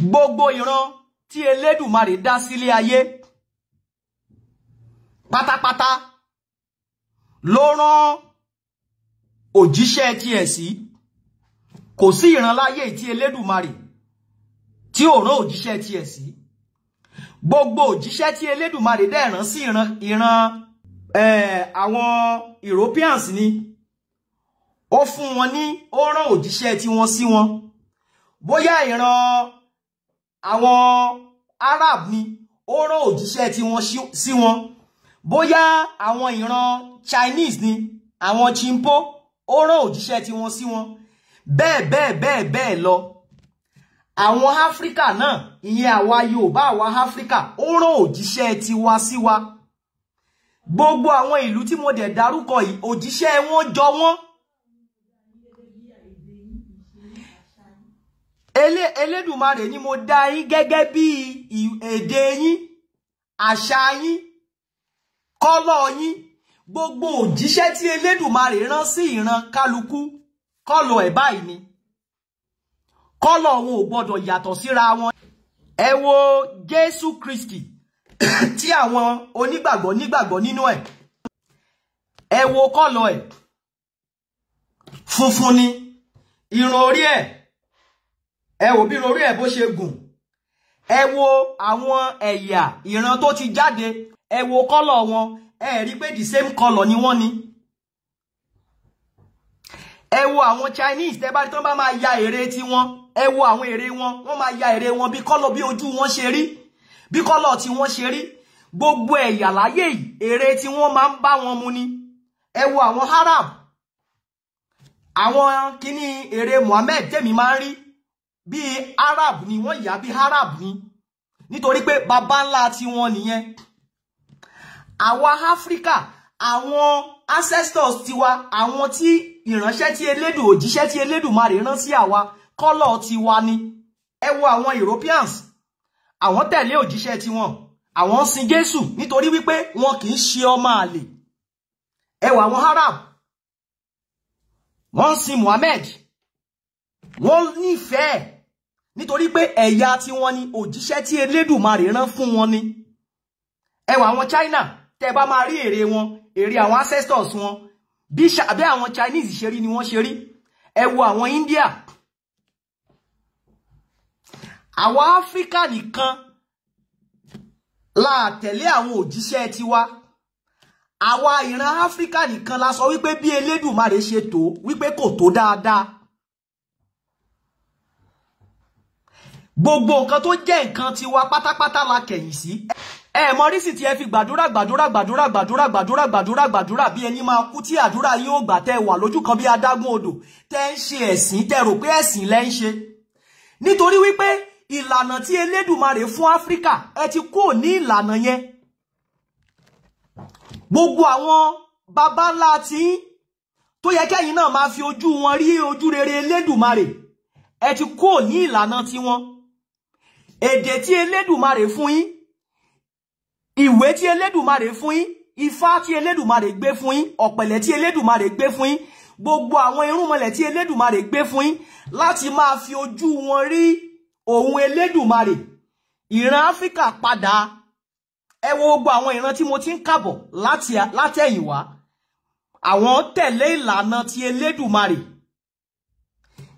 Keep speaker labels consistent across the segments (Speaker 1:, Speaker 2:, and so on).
Speaker 1: gbogbo ìran tí Elédùmarè dá sílé ayé pátápátá ló rán òjíṣẹ́ tiẹ̀ sí kò sí ìran láyé tí Elédùmarè tí ò rán òjíṣẹ́ tiẹ̀ sí gbogbo òjíṣẹ́ tí Elédùmarè dẹ̀ rán sí ìran ìran àwọn Europeans ni ó fún wọn ní ó rán òjíṣẹ́ tí wọ́n sí wọn bóyá ìran àwọn Arab ni ó rán òjíṣẹ́ tí wọ́n sí wọn bóyá àwọn ìran Chinese ni àwọn chimpo ó rán òjíṣẹ́ tí wọ́n sí wọn bẹ́ẹ̀ bẹ́ẹ̀ bẹ́ẹ̀ bẹ́ẹ̀ lọ àwọn Áfíríkà náà ìyẹn àwa Yorùbá àwa Áfíríkà ó rán òjíṣẹ́ tiwa sí wa gbogbo àwọn ìlú tí mo dẹ̀ dárúkọ yìí òjíṣẹ́ wọn jọ wọ́n Elédùmarè ni mo dá yín gẹ́gẹ́ bí èdè yín àṣà yín kọ́lọ̀ yín gbogbo òjíṣẹ́ tí Elédùmarè rán sí ìran kálukú kọ́lọ̀ ẹ̀ báyìí ni kọ́lọ̀ wọn ò gbọ́dọ̀ yàtọ̀ síra wọn. ẹ wo Jésù Kristi tí àwọn onígbàgbọ́ nígbàgbọ́ nínú e ẹ wo kọ́lọ̀ ẹ̀ funfun ni irun orí ẹ̀ ẹ wò bí orí ẹ̀ bó ṣe gùn ẹ wo àwọn ẹ̀yà ìran tó ti jáde ẹ wo kọ́lọ̀ wọn ẹ rí pé the same kọ́lọ̀ ni wọ́n ni ẹ wo àwọn Chinese tẹ́ bá tí wọ́n bá máa ya ère tiwọn ẹ wo àwọn ère wọn wọ́n máa ya ère wọn bí kọ́lọ̀ bí ojú wọn ṣe rí bí kọ́lọ̀ tí wọ́n ṣe rí gbogbo ẹ̀yà láyé yìí ère tí wọ́n máa ń bá wọn mu ni ẹ wo àwọn Arab àwọn kíní ère Mohammed tèmi máa ń rí bí arab ni wọ́n yà bí arab ni nítorí pé baba ńlá ti wọn nìyẹn àwa áfíríkà àwọn ancestors tiwa àwọn tí ìránṣẹ́ tí elédù òjíṣẹ́ tí Elédùmarè rán sí àwa kọ́lọ̀ tiwa ni ẹ wo àwọn Europeans àwọn tẹ̀lé òjíṣẹ́ tiwọn àwọn ń sin Jésù nítorí wípé wọn kì í ṣe ọmọ àlè ẹ wo àwọn Arab wọ́n ń sin Muhammad wọ́n nífẹ̀ẹ́ nítorí pé ẹ̀yà tí wọ́n ní òjíṣẹ́ tí Elédùmarè rán fún wọn ni ẹwà àwọn China tẹ́ bá máa rí èrè wọn èrè àwọn ancestors wọn bí ṣàbẹ́ àwọn Chinese ṣe rí ni wọ́n ṣe rí ẹ wo àwọn India àwọn Áfíríkà nìkan la tẹ̀lé àwọn òjíṣẹ́ tiwa àwa ìran Áfíríkà nìkan la sọ wípé bí Elédùmarè ṣe tò wípé kò tó dáadáa gbogbo nǹkan tó jẹ́ nǹkan tiwa pátápátá la kẹ̀yìn sí ẹ mọ rísì tí ẹ fi gbàdúrà gbàdúrà gbàdúrà gbàdúrà gbàdúrà gbàdúrà gbàdúrà bí ẹni máa kú tí àdúrà yín ó gbà tẹ wà lójú kan bí adágún odò tẹ ń ṣe ẹ̀sìn tẹ rò pé ẹ̀sìn lẹ ń ṣe nítorí wípé ìlànà tí Elédùmarè fún Áfíríkà ẹ ti kú ní ìlànà yẹn gbogbo àwọn baba ńlá tí tó yẹ kẹ́yìn náà máa fi ojú wọn rí ojú rere Elédùmarè ẹ ti kú ní ìlànà tiwọn èdè tí Elédùmarè fún yín ìwé tí Elédùmarè fún yín ifá ti Elédùmarè gbé fún yín ọ̀pẹ̀lẹ̀ tí Elédùmarè gbé fún yín gbogbo àwọn irúnmọlẹ̀ tí Elédùmarè gbé fún yín láti máa fi ojú wọn rí ohun Elédùmarè ìran Áfíríkà padà e wo gbogbo àwọn ìran tí mo ti ń kàbọ̀ látẹ̀yìnwá àwọn tẹ̀lé ìlànà ti Elédùmarè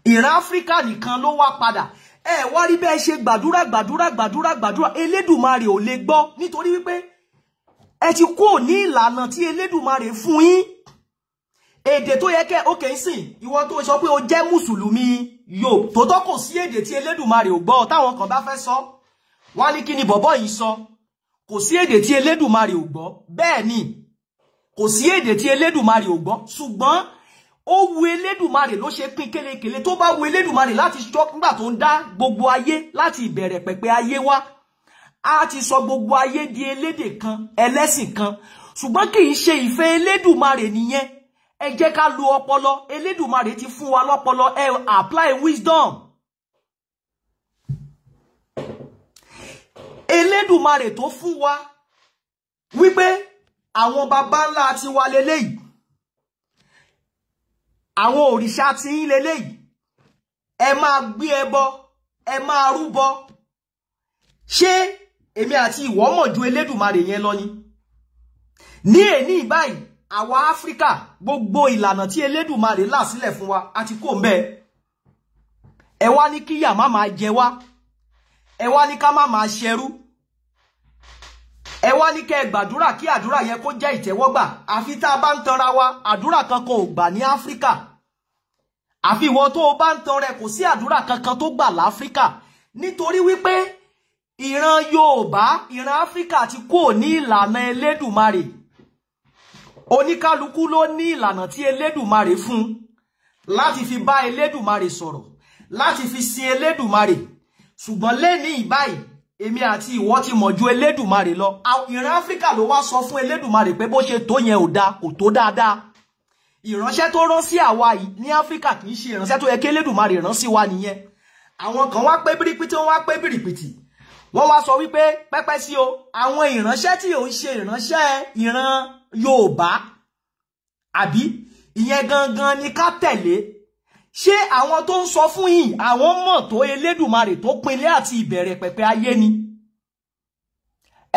Speaker 1: ìran áfíríkà nìkan ló wá padà ẹ wá rí bẹ́ẹ̀ ṣe gbàdúrà gbàdúrà gbàdúrà gbàdúrà elédùmarè ò lè gbọ́ nítorí wípé ẹ ti kú ní ìlànà tí elédùmarè fún yín èdè tó yẹ kẹ́ òkè sìn ìwọ tó sọ pé o jẹ́ mùsùlùmí yóò tòótọ́ kò sí èdè tí elédùmarè ò gbọ́ táwọn kan bá fẹ́ sọ wọ́n ní kí ni bọ̀bọ́ yìí sọ kò sí èdè tí elédùmarè ò gbọ́ bẹ́ẹ̀ ni kò sí èdè tí elédùmarè ò gbọ́ ṣùgbọ́n ó wu elédùmarè ló ṣe pín kélékèlé tó bá wu elédùmarè láti sọ nígbà tó ń dá gbogbo ayé láti ìbẹ̀rẹ̀ pẹ̀pẹ̀ ayé wá a ti sọ gbogbo ayé di elédè kan ẹlẹ́sìn kan ṣùgbọ́n kì í ṣe ìfẹ́ elédùmarè nìyẹn ẹ jẹ́ ká lo ọpọlọ elédùmarè ti fún wa lọ́pọlọ ẹ apply wisdom elédùmarè tó fún wa wípé àwọn baba ńlá tiwa lélẹ́yìí àwọn òrìṣà tí ń leléyìí ẹ máa gbé ẹbọ ẹ máa rúbọ ṣé èmi àti ìwọ mọ̀ ju elédùmarè yẹn lọ ni ní èní báyìí àwa áfíríkà gbogbo ìlànà tí elédùmarè là sílẹ̀ fún wa àti kò ń bẹ́ẹ̀ ẹ wá ní kíyà má máa jẹ wá ẹ wá ní ká má máa ṣẹrú ẹ wá ní kẹ́ ẹ gbàdúrà kí àdúrà yẹn kó jẹ́ ìtẹ́wọ́gbà àfi tá a bá ń tanra wa àdúrà kankan ò gbà ní áfíríkà àfi ìwọ tó o bá ń tan rẹ kò sí àdúrà kankan tó gbà láfíríkà nítorí wípé ìran yorùbá ìran áfíríkà ti kú ní ìlànà elédùmarè oníkálukú ló ní ìlànà tí elédùmarè fún láti fi bá elédùmarè sọ̀rọ̀ láti fi sin elédùmarè ṣùgbọ́n lẹ́ni ìbáyìí èmi àti ìwọ ti mọ̀ ju elédùmarè lọ ìran áfíríkà ló wá sọ fún elédùmarè pé bó ṣe tó yẹn ò dáa kò tó dáadáa ìránṣẹ́ tó rán sí àwa yìí ní áfíríkà kì í ṣe ìránṣẹ́ tó yẹ kí elédùmarè rán sí wa nìyẹn àwọn kan wá pé bírípítì wọ́n wá pé bírípítì wọ́n wá sọ wípé pẹ́pẹ́ sí o àwọn ìránṣẹ́ tí ò ń ṣe ìránṣẹ́ ìran yorùbá àbí ìyẹn gangan ni ká tẹ̀lé ṣé àwọn tó ń sọ fún yìí àwọn mọ̀ tó elédùmarè tó pinlé àti ìbẹ̀rẹ̀ pẹ̀pẹ̀ ayé ni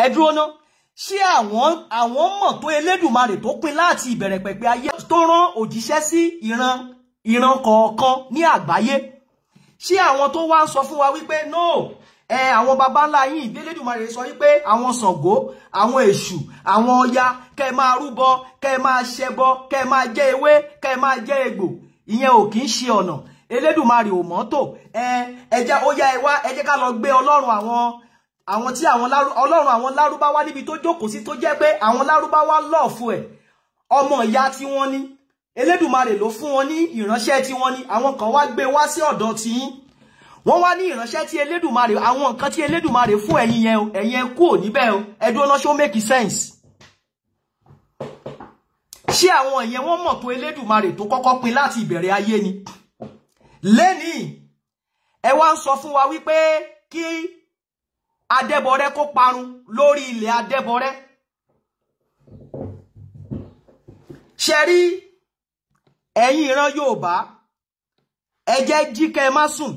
Speaker 1: ẹ dúró ná ṣé àwọn mọ̀ tó elédùmarè tó pin láti ìbẹ̀rẹ̀ pẹ̀pẹ̀ ayé tó rán òjíṣẹ́ sí ìran ìran kọ̀ọ̀kan ní àgbáyé ṣé àwọn tó wá ń sọ fún wa wípé no ẹ àwọn baba ńlá yìí délédùmarè sọ wípé àwọn Ṣàngó àwọn èṣù àwọn Ọya kẹ máa rúbọ kẹ máa ṣẹbọ kẹ máa jẹ ewé kẹ máa jẹ egbò ìyẹn ò kì í ṣe ọ̀nà elédùnmarè ò mọ́tò ẹ ẹja ó yá ẹ wá ẹ jẹ́ ká lọ gbé ọlọ́run àwọn àwọn tí àwọn ọlọ́run àwọn lárúbáwá níbi tó jókòó sí tó jẹ́ pé àwọn lárúbáwá lọ́ọ̀fù ẹ̀ ọmọ ìyá tí wọ́n ní elédùnmarè ló fún wọn ní ìránṣẹ́ tí wọ́n ní àwọn kan wá gbé wá sí ọ̀dọ̀ tiyín wọ́n wá ní ìránṣẹ́ tí elédùnmarè àwọn nǹkan tí elédùnmarè fún ẹ̀yin yẹn ẹ̀yin ẹ kú ò níbẹ̀ o ẹdún ọlọ́ṣọ́ make sense ṣé àwọn ìyẹn wọ́n mọ̀ pé Elédùmarè tó kọ́kọ́ pin láti ìbẹ̀rẹ̀ ayé ni lẹ́nìí ẹ wá ń sọ fún wa wípé kí Adébọ̀rẹ́ kó parun lórí ilẹ̀ Adébọ̀rẹ́ ṣe rí ẹ̀yin ìran Yorùbá ẹ jẹ́ jí má sùn